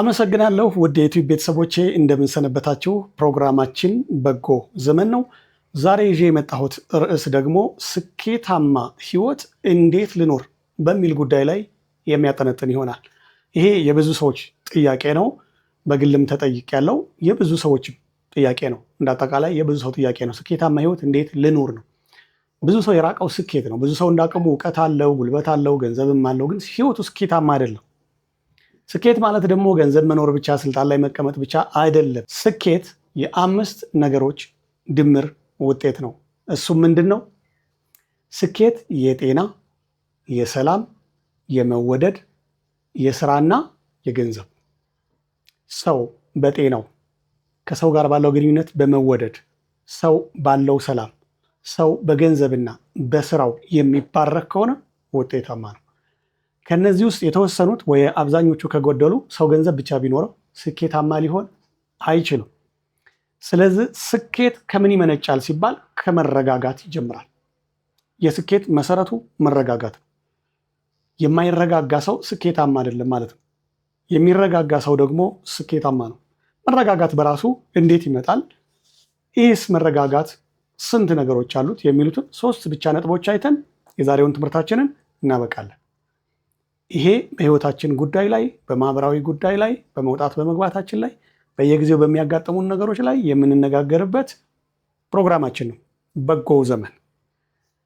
አመሰግናለሁ ውድ የዩቲዩብ ቤተሰቦቼ እንደምንሰነበታችሁ። ፕሮግራማችን በጎ ዘመን ነው። ዛሬ ይዤ የመጣሁት ርዕስ ደግሞ ስኬታማ ህይወት እንዴት ልኖር በሚል ጉዳይ ላይ የሚያጠነጥን ይሆናል። ይሄ የብዙ ሰዎች ጥያቄ ነው። በግልም ተጠይቅ ያለው የብዙ ሰዎች ጥያቄ ነው። እንዳጠቃላይ የብዙ ሰው ጥያቄ ነው። ስኬታማ ህይወት እንዴት ልኖር ነው። ብዙ ሰው የራቀው ስኬት ነው። ብዙ ሰው እንዳቅሙ እውቀት አለው፣ ጉልበት አለው፣ ገንዘብም አለው፣ ግን ህይወቱ ስኬታማ አይደለም። ስኬት ማለት ደግሞ ገንዘብ መኖር ብቻ፣ ስልጣን ላይ መቀመጥ ብቻ አይደለም። ስኬት የአምስት ነገሮች ድምር ውጤት ነው። እሱም ምንድን ነው? ስኬት የጤና፣ የሰላም፣ የመወደድ፣ የስራና የገንዘብ ሰው በጤናው ከሰው ጋር ባለው ግንኙነት በመወደድ ሰው ባለው ሰላም ሰው በገንዘብና በስራው የሚባረክ ከሆነ ውጤታማ ነው። ከነዚህ ውስጥ የተወሰኑት ወይ አብዛኞቹ ከጎደሉ ሰው ገንዘብ ብቻ ቢኖረው ስኬታማ ሊሆን አይችልም። ስለዚህ ስኬት ከምን ይመነጫል ሲባል ከመረጋጋት ይጀምራል። የስኬት መሰረቱ መረጋጋት ነው። የማይረጋጋ ሰው ስኬታማ አይደለም ማለት ነው። የሚረጋጋ ሰው ደግሞ ስኬታማ ነው። መረጋጋት በራሱ እንዴት ይመጣል? ይህስ መረጋጋት ስንት ነገሮች አሉት? የሚሉትን ሶስት ብቻ ነጥቦች አይተን የዛሬውን ትምህርታችንን እናበቃለን። ይሄ በህይወታችን ጉዳይ ላይ በማህበራዊ ጉዳይ ላይ በመውጣት በመግባታችን ላይ በየጊዜው በሚያጋጥሙን ነገሮች ላይ የምንነጋገርበት ፕሮግራማችን ነው። በጎ ዘመን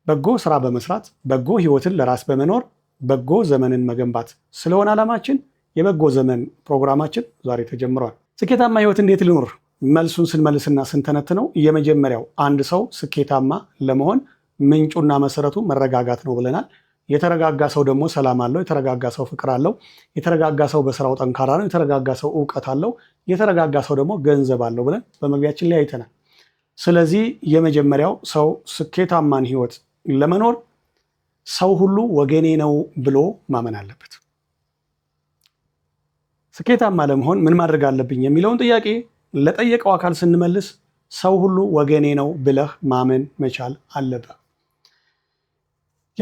በጎ ስራ በመስራት በጎ ህይወትን ለራስ በመኖር በጎ ዘመንን መገንባት ስለሆነ ዓላማችን የበጎ ዘመን ፕሮግራማችን ዛሬ ተጀምሯል። ስኬታማ ህይወት እንዴት ልኖር? መልሱን ስንመልስና ስንተነትነው የመጀመሪያው አንድ ሰው ስኬታማ ለመሆን ምንጩና መሰረቱ መረጋጋት ነው ብለናል። የተረጋጋ ሰው ደግሞ ሰላም አለው። የተረጋጋ ሰው ፍቅር አለው። የተረጋጋ ሰው በስራው ጠንካራ ነው። የተረጋጋ ሰው እውቀት አለው። የተረጋጋ ሰው ደግሞ ገንዘብ አለው ብለን በመግቢያችን ላይ አይተናል። ስለዚህ የመጀመሪያው ሰው ስኬታማን ህይወት ለመኖር ሰው ሁሉ ወገኔ ነው ብሎ ማመን አለበት። ስኬታማ ለመሆን ምን ማድረግ አለብኝ የሚለውን ጥያቄ ለጠየቀው አካል ስንመልስ ሰው ሁሉ ወገኔ ነው ብለህ ማመን መቻል አለብህ።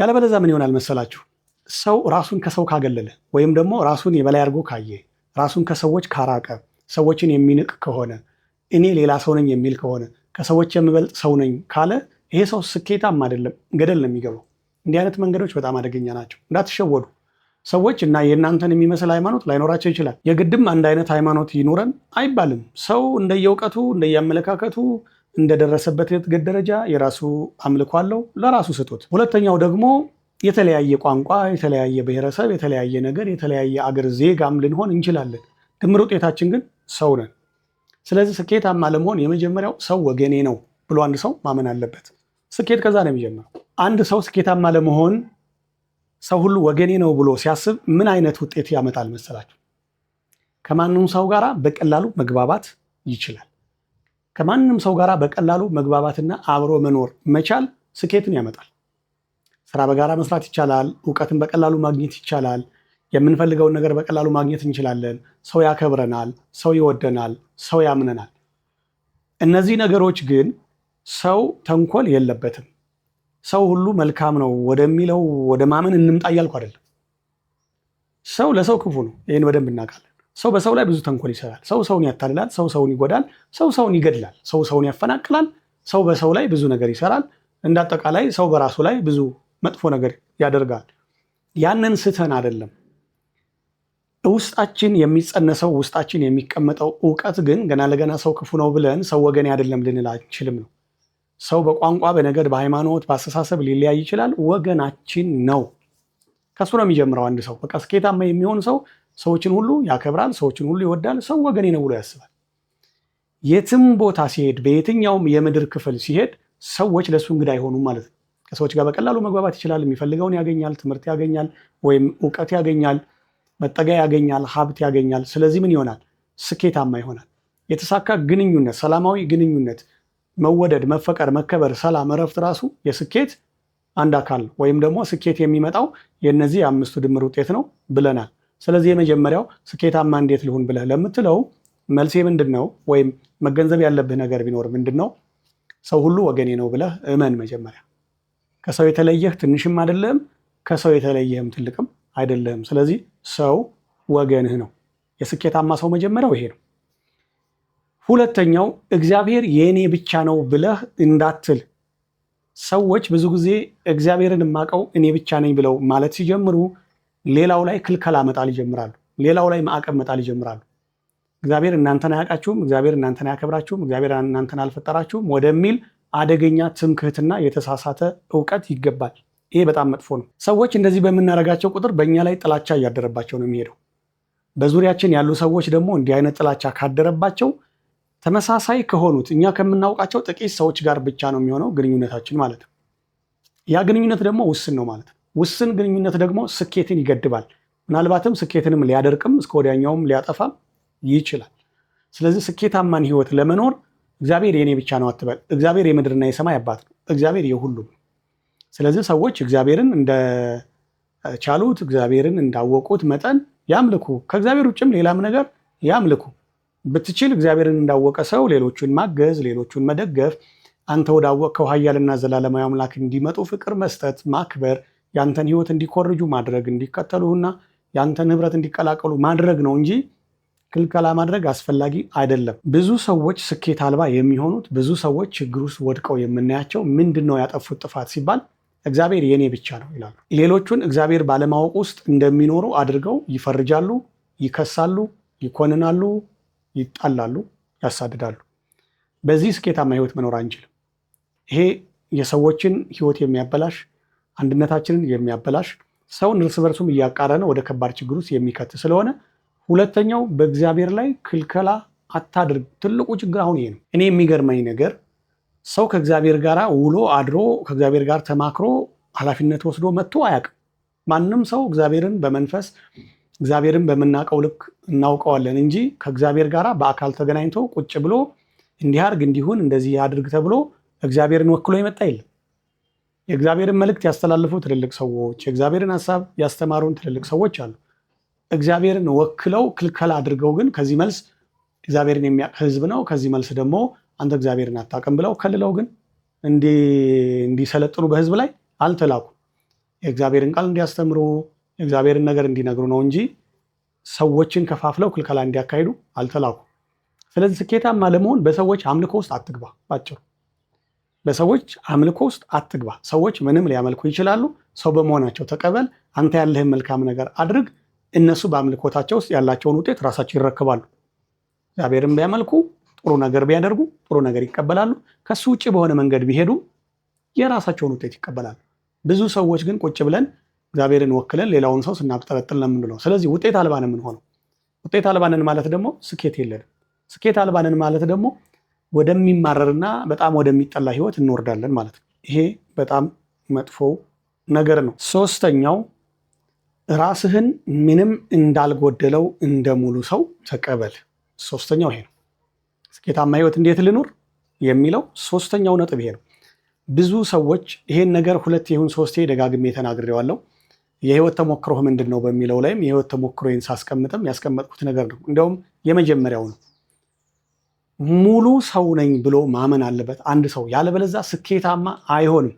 ያለበለዛ ምን ይሆናል መሰላችሁ? ሰው ራሱን ከሰው ካገለለ ወይም ደግሞ ራሱን የበላይ አድርጎ ካየ፣ ራሱን ከሰዎች ካራቀ፣ ሰዎችን የሚንቅ ከሆነ፣ እኔ ሌላ ሰው ነኝ የሚል ከሆነ፣ ከሰዎች የምበልጥ ሰው ነኝ ካለ ይሄ ሰው ስኬታም አይደለም፣ ገደል ነው የሚገባው። እንዲህ አይነት መንገዶች በጣም አደገኛ ናቸው። እንዳትሸወዱ ሰዎች እና የእናንተን የሚመስል ሃይማኖት ላይኖራቸው ይችላል። የግድም አንድ አይነት ሃይማኖት ይኑረን አይባልም። ሰው እንደየእውቀቱ እንደየአመለካከቱ እንደደረሰበት የእድገት ደረጃ የራሱ አምልኮ አለው። ለራሱ ስጡት። ሁለተኛው ደግሞ የተለያየ ቋንቋ፣ የተለያየ ብሔረሰብ፣ የተለያየ ነገር፣ የተለያየ አገር ዜጋም ልንሆን እንችላለን። ድምር ውጤታችን ግን ሰው ነን። ስለዚህ ስኬታማ ለመሆን የመጀመሪያው ሰው ወገኔ ነው ብሎ አንድ ሰው ማመን አለበት። ስኬት ከዛ ነው የሚጀምረው። አንድ ሰው ስኬታማ ለመሆን ሰው ሁሉ ወገኔ ነው ብሎ ሲያስብ ምን አይነት ውጤት ያመጣል መሰላችሁ? ከማንም ሰው ጋር በቀላሉ መግባባት ይችላል። ከማንም ሰው ጋር በቀላሉ መግባባትና አብሮ መኖር መቻል ስኬትን ያመጣል። ስራ በጋራ መስራት ይቻላል። እውቀትን በቀላሉ ማግኘት ይቻላል። የምንፈልገውን ነገር በቀላሉ ማግኘት እንችላለን። ሰው ያከብረናል፣ ሰው ይወደናል፣ ሰው ያምነናል። እነዚህ ነገሮች ግን ሰው ተንኮል የለበትም፣ ሰው ሁሉ መልካም ነው ወደሚለው ወደ ማመን እንምጣ እያልኩ አይደለም። ሰው ለሰው ክፉ ነው። ይህን በደንብ እናውቃለን። ሰው በሰው ላይ ብዙ ተንኮል ይሰራል። ሰው ሰውን ያታልላል። ሰው ሰውን ይጎዳል። ሰው ሰውን ይገድላል። ሰው ሰውን ያፈናቅላል። ሰው በሰው ላይ ብዙ ነገር ይሰራል። እንደ አጠቃላይ ሰው በራሱ ላይ ብዙ መጥፎ ነገር ያደርጋል። ያንን ስተን አይደለም። ውስጣችን የሚጸነሰው ውስጣችን የሚቀመጠው እውቀት ግን ገና ለገና ሰው ክፉ ነው ብለን ሰው ወገን አይደለም ልንል አንችልም ነው። ሰው በቋንቋ በነገድ፣ በሃይማኖት፣ በአስተሳሰብ ሊለያይ ይችላል። ወገናችን ነው። ከሱ ነው የሚጀምረው። አንድ ሰው በቃ ስኬታማ የሚሆን ሰው ሰዎችን ሁሉ ያከብራል፣ ሰዎችን ሁሉ ይወዳል፣ ሰው ወገኔ ነው ብሎ ያስባል። የትም ቦታ ሲሄድ፣ በየትኛውም የምድር ክፍል ሲሄድ ሰዎች ለእሱ እንግዳ አይሆኑም ማለት ነው። ከሰዎች ጋር በቀላሉ መግባባት ይችላል። የሚፈልገውን ያገኛል፣ ትምህርት ያገኛል፣ ወይም እውቀት ያገኛል፣ መጠጊያ ያገኛል፣ ሀብት ያገኛል። ስለዚህ ምን ይሆናል? ስኬታማ ይሆናል። የተሳካ ግንኙነት፣ ሰላማዊ ግንኙነት፣ መወደድ፣ መፈቀር፣ መከበር፣ ሰላም፣ እረፍት ራሱ የስኬት አንድ አካል ነው። ወይም ደግሞ ስኬት የሚመጣው የእነዚህ የአምስቱ ድምር ውጤት ነው ብለናል። ስለዚህ የመጀመሪያው ስኬታማ እንዴት ልሁን ብለህ ለምትለው መልሴ ምንድን ነው ወይም መገንዘብ ያለብህ ነገር ቢኖር ምንድን ነው ሰው ሁሉ ወገኔ ነው ብለህ እመን። መጀመሪያ ከሰው የተለየህ ትንሽም አይደለም፣ ከሰው የተለየህም ትልቅም አይደለም። ስለዚህ ሰው ወገንህ ነው። የስኬታማ ሰው መጀመሪያው ይሄ ነው። ሁለተኛው እግዚአብሔር የእኔ ብቻ ነው ብለህ እንዳትል። ሰዎች ብዙ ጊዜ እግዚአብሔርን የማውቀው እኔ ብቻ ነኝ ብለው ማለት ሲጀምሩ ሌላው ላይ ክልከላ መጣል ይጀምራሉ። ሌላው ላይ ማዕቀብ መጣል ይጀምራሉ። እግዚአብሔር እናንተን አያውቃችሁም፣ እግዚአብሔር እናንተን አያከብራችሁም፣ እግዚአብሔር እናንተን አልፈጠራችሁም ወደሚል አደገኛ ትምክህትና የተሳሳተ እውቀት ይገባል። ይሄ በጣም መጥፎ ነው። ሰዎች እንደዚህ በምናደርጋቸው ቁጥር በእኛ ላይ ጥላቻ እያደረባቸው ነው የሚሄደው። በዙሪያችን ያሉ ሰዎች ደግሞ እንዲህ አይነት ጥላቻ ካደረባቸው ተመሳሳይ ከሆኑት እኛ ከምናውቃቸው ጥቂት ሰዎች ጋር ብቻ ነው የሚሆነው ግንኙነታችን ማለት ነው። ያ ግንኙነት ደግሞ ውስን ነው ማለት ነው። ውስን ግንኙነት ደግሞ ስኬትን ይገድባል። ምናልባትም ስኬትንም ሊያደርቅም እስከ ወዲያኛውም ሊያጠፋም ይችላል። ስለዚህ ስኬታማን ህይወት ለመኖር እግዚአብሔር የእኔ ብቻ ነው አትበል። እግዚአብሔር የምድርና የሰማይ አባት ነው። እግዚአብሔር የሁሉም ነው። ስለዚህ ሰዎች እግዚአብሔርን እንደቻሉት እግዚአብሔርን እንዳወቁት መጠን ያምልኩ። ከእግዚአብሔር ውጭም ሌላም ነገር ያምልኩ። ብትችል እግዚአብሔርን እንዳወቀ ሰው ሌሎቹን ማገዝ፣ ሌሎቹን መደገፍ፣ አንተ ወዳወቅከው ኃያልና ዘላለማዊ አምላክ እንዲመጡ ፍቅር መስጠት፣ ማክበር ያንተን ህይወት እንዲኮርጁ ማድረግ እና ያንተን ህብረት እንዲቀላቀሉ ማድረግ ነው እንጂ ክልከላ ማድረግ አስፈላጊ አይደለም። ብዙ ሰዎች ስኬት አልባ የሚሆኑት ብዙ ሰዎች ችግር ውስጥ ወድቀው የምናያቸው ምንድን ነው ያጠፉት ጥፋት ሲባል እግዚአብሔር የኔ ብቻ ነው ይላሉ። ሌሎቹን እግዚአብሔር ባለማወቅ ውስጥ እንደሚኖሩ አድርገው ይፈርጃሉ፣ ይከሳሉ፣ ይኮንናሉ፣ ይጣላሉ፣ ያሳድዳሉ። በዚህ ስኬታማ ህይወት መኖር አንችልም። ይሄ የሰዎችን ህይወት የሚያበላሽ አንድነታችንን የሚያበላሽ ሰውን እርስ በርሱም እያቃረነ ወደ ከባድ ችግር ውስጥ የሚከት ስለሆነ፣ ሁለተኛው በእግዚአብሔር ላይ ክልከላ አታድርግ። ትልቁ ችግር አሁን ይሄ ነው። እኔ የሚገርመኝ ነገር ሰው ከእግዚአብሔር ጋር ውሎ አድሮ ከእግዚአብሔር ጋር ተማክሮ ኃላፊነት ወስዶ መጥቶ አያውቅም። ማንም ሰው እግዚአብሔርን በመንፈስ እግዚአብሔርን በምናውቀው ልክ እናውቀዋለን እንጂ ከእግዚአብሔር ጋር በአካል ተገናኝቶ ቁጭ ብሎ እንዲህ አድርግ እንዲሁን እንደዚህ አድርግ ተብሎ እግዚአብሔርን ወክሎ የመጣ የለም። የእግዚአብሔርን መልእክት ያስተላልፉ ትልልቅ ሰዎች፣ የእግዚአብሔርን ሀሳብ ያስተማሩን ትልልቅ ሰዎች አሉ። እግዚአብሔርን ወክለው ክልከላ አድርገው ግን ከዚህ መልስ እግዚአብሔርን የሚያውቅ ህዝብ ነው ከዚህ መልስ ደግሞ አንተ እግዚአብሔርን አታውቅም ብለው ከልለው ግን እንዲሰለጥኑ በህዝብ ላይ አልተላኩም። የእግዚአብሔርን ቃል እንዲያስተምሩ የእግዚአብሔርን ነገር እንዲነግሩ ነው እንጂ ሰዎችን ከፋፍለው ክልከላ እንዲያካሂዱ አልተላኩም። ስለዚህ ስኬታማ ለመሆን በሰዎች አምልኮ ውስጥ አትግባ ባጭሩ። በሰዎች አምልኮ ውስጥ አትግባ። ሰዎች ምንም ሊያመልኩ ይችላሉ። ሰው በመሆናቸው ተቀበል። አንተ ያለህን መልካም ነገር አድርግ። እነሱ በአምልኮታቸው ውስጥ ያላቸውን ውጤት ራሳቸው ይረክባሉ። እግዚአብሔርን ቢያመልኩ፣ ጥሩ ነገር ቢያደርጉ፣ ጥሩ ነገር ይቀበላሉ። ከሱ ውጭ በሆነ መንገድ ቢሄዱ የራሳቸውን ውጤት ይቀበላሉ። ብዙ ሰዎች ግን ቁጭ ብለን እግዚአብሔርን ወክለን ሌላውን ሰው ስናብጠለጥል ነው የምንለው። ስለዚህ ውጤት አልባ ነው የምንሆነው። ውጤት አልባንን ማለት ደግሞ ስኬት የለንም። ስኬት አልባንን ማለት ደግሞ ወደሚማረርና በጣም ወደሚጠላ ህይወት እንወርዳለን ማለት ነው። ይሄ በጣም መጥፎ ነገር ነው። ሶስተኛው ራስህን ምንም እንዳልጎደለው እንደ ሙሉ ሰው ተቀበል። ሶስተኛው ይሄ ነው። ስኬታማ ህይወት እንዴት ልኑር የሚለው ሶስተኛው ነጥብ ይሄ ነው። ብዙ ሰዎች ይሄን ነገር ሁለት ይሁን ሶስቴ ደጋግሜ ተናግሬዋለሁ። የህይወት ተሞክሮህ ምንድን ነው በሚለው ላይም የህይወት ተሞክሮን ሳስቀምጥም ያስቀመጥኩት ነገር ነው። እንዲያውም የመጀመሪያው ነው። ሙሉ ሰው ነኝ ብሎ ማመን አለበት አንድ ሰው። ያለበለዛ ስኬታማ አይሆንም።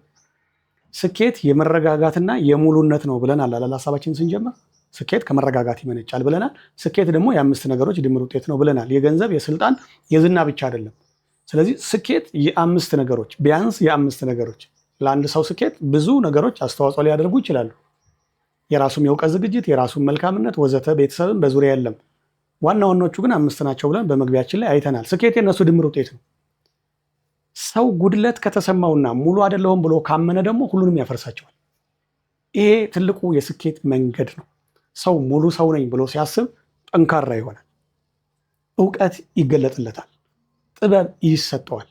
ስኬት የመረጋጋትና የሙሉነት ነው ብለናል አላል ሀሳባችን ስንጀምር ስኬት ከመረጋጋት ይመነጫል ብለናል። ስኬት ደግሞ የአምስት ነገሮች ድምር ውጤት ነው ብለናል። የገንዘብ፣ የስልጣን፣ የዝና ብቻ አይደለም። ስለዚህ ስኬት የአምስት ነገሮች ቢያንስ የአምስት ነገሮች ለአንድ ሰው ስኬት ብዙ ነገሮች አስተዋጽኦ ሊያደርጉ ይችላሉ። የራሱም የእውቀት ዝግጅት፣ የራሱም መልካምነት ወዘተ፣ ቤተሰብም በዙሪያ የለም ዋና ዋናዎቹ ግን አምስት ናቸው ብለን በመግቢያችን ላይ አይተናል። ስኬት የእነሱ ድምር ውጤት ነው። ሰው ጉድለት ከተሰማውና ሙሉ አይደለሁም ብሎ ካመነ ደግሞ ሁሉንም ያፈርሳቸዋል። ይሄ ትልቁ የስኬት መንገድ ነው። ሰው ሙሉ ሰው ነኝ ብሎ ሲያስብ ጠንካራ ይሆናል። እውቀት ይገለጥለታል፣ ጥበብ ይሰጠዋል፣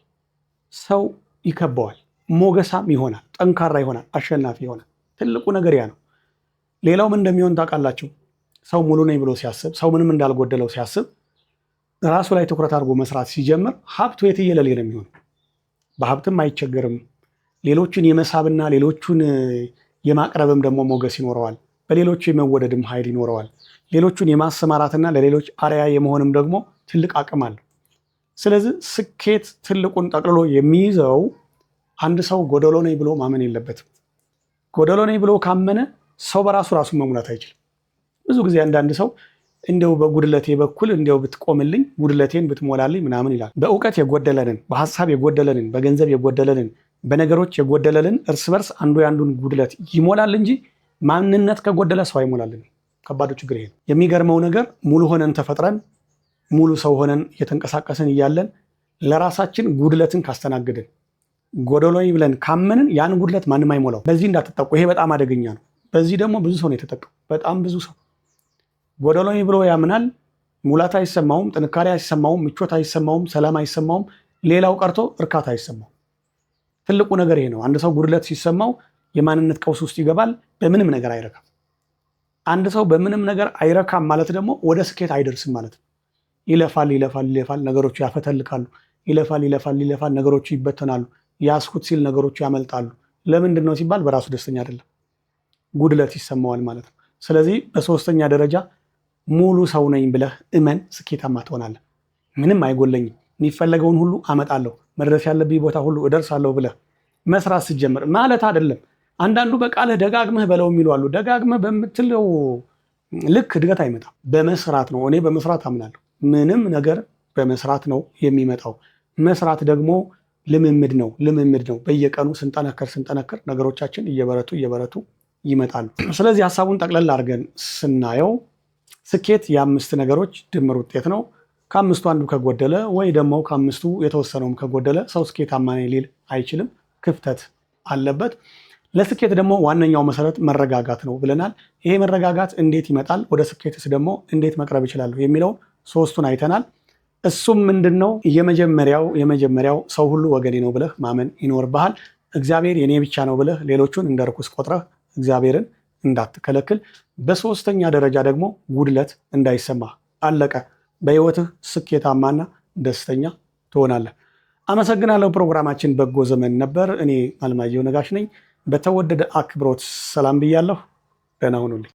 ሰው ይከበዋል፣ ሞገሳም ይሆናል፣ ጠንካራ ይሆናል፣ አሸናፊ ይሆናል። ትልቁ ነገር ያ ነው። ሌላውም እንደሚሆን ታውቃላችሁ። ሰው ሙሉ ነኝ ብሎ ሲያስብ፣ ሰው ምንም እንዳልጎደለው ሲያስብ፣ ራሱ ላይ ትኩረት አድርጎ መስራት ሲጀምር ሀብቱ የትየለሌ ነው የሚሆነው። በሀብትም አይቸገርም። ሌሎችን የመሳብና ሌሎቹን የማቅረብም ደግሞ ሞገስ ይኖረዋል። በሌሎቹ የመወደድም ኃይል ይኖረዋል። ሌሎቹን የማሰማራትና ለሌሎች አርያ የመሆንም ደግሞ ትልቅ አቅም አለ። ስለዚህ ስኬት ትልቁን ጠቅልሎ የሚይዘው አንድ ሰው ጎደሎ ነኝ ብሎ ማመን የለበትም። ጎደሎ ነኝ ብሎ ካመነ ሰው በራሱ ራሱን መሙላት አይችልም። ብዙ ጊዜ አንዳንድ ሰው እንደው በጉድለቴ በኩል እንደው ብትቆምልኝ ጉድለቴን ብትሞላልኝ ምናምን ይላል። በእውቀት የጎደለንን፣ በሀሳብ የጎደለንን፣ በገንዘብ የጎደለንን፣ በነገሮች የጎደለልን እርስ በርስ አንዱ የአንዱን ጉድለት ይሞላል እንጂ ማንነት ከጎደለ ሰው አይሞላልን። ከባዱ ችግር ይሄ ነው። የሚገርመው ነገር ሙሉ ሆነን ተፈጥረን ሙሉ ሰው ሆነን እየተንቀሳቀስን እያለን ለራሳችን ጉድለትን ካስተናግድን ጎደሎኝ ብለን ካመንን ያን ጉድለት ማንም አይሞላው። በዚህ እንዳትጠቁ። ይሄ በጣም አደገኛ ነው። በዚህ ደግሞ ብዙ ሰው ነው የተጠቀው። በጣም ብዙ ሰው ጎደሎኝ ብሎ ያምናል። ሙላት አይሰማውም፣ ጥንካሬ አይሰማውም፣ ምቾት አይሰማውም፣ ሰላም አይሰማውም፣ ሌላው ቀርቶ እርካታ አይሰማውም። ትልቁ ነገር ይሄ ነው። አንድ ሰው ጉድለት ሲሰማው የማንነት ቀውስ ውስጥ ይገባል። በምንም ነገር አይረካም። አንድ ሰው በምንም ነገር አይረካም ማለት ደግሞ ወደ ስኬት አይደርስም ማለት ነው። ይለፋል ይለፋል ይለፋል፣ ነገሮቹ ያፈተልካሉ። ይለፋል ይለፋል ይለፋል፣ ነገሮቹ ይበተናሉ። ያስኩት ሲል ነገሮቹ ያመልጣሉ። ለምንድን ነው ሲባል በራሱ ደስተኛ አይደለም፣ ጉድለት ይሰማዋል ማለት ነው። ስለዚህ በሶስተኛ ደረጃ ሙሉ ሰው ነኝ ብለህ እመን፣ ስኬታማ ትሆናለህ። ምንም አይጎለኝም፣ የሚፈለገውን ሁሉ አመጣለሁ፣ መድረስ ያለብኝ ቦታ ሁሉ እደርሳለሁ ብለህ መስራት ስትጀምር ማለት አይደለም። አንዳንዱ በቃልህ ደጋግመህ በለው የሚሉ አሉ። ደጋግመህ በምትለው ልክ እድገት አይመጣም። በመስራት ነው። እኔ በመስራት አምናለሁ። ምንም ነገር በመስራት ነው የሚመጣው። መስራት ደግሞ ልምምድ ነው። ልምምድ ነው። በየቀኑ ስንጠነከር ስንጠነከር ነገሮቻችን እየበረቱ እየበረቱ ይመጣሉ። ስለዚህ ሀሳቡን ጠቅለል አድርገን ስናየው ስኬት የአምስት ነገሮች ድምር ውጤት ነው። ከአምስቱ አንዱ ከጎደለ ወይ ደግሞ ከአምስቱ የተወሰነውም ከጎደለ ሰው ስኬታማ ነኝ ሊል አይችልም። ክፍተት አለበት። ለስኬት ደግሞ ዋነኛው መሰረት መረጋጋት ነው ብለናል። ይሄ መረጋጋት እንዴት ይመጣል፣ ወደ ስኬትስ ደግሞ እንዴት መቅረብ ይችላሉ የሚለውን ሶስቱን አይተናል። እሱም ምንድን ነው? የመጀመሪያው የመጀመሪያው ሰው ሁሉ ወገኔ ነው ብለህ ማመን ይኖርብሃል። እግዚአብሔር የኔ ብቻ ነው ብለህ ሌሎቹን እንደ ርኩስ ቆጥረህ እግዚአብሔርን እንዳትከለክል። በሶስተኛ ደረጃ ደግሞ ውድለት እንዳይሰማ አለቀ። በህይወትህ ስኬታማና ደስተኛ ትሆናለህ። አመሰግናለሁ። ፕሮግራማችን በጎ ዘመን ነበር። እኔ አለማየሁ ነጋሽ ነኝ። በተወደደ አክብሮት ሰላም ብያለሁ። ደህና ሁኑልኝ።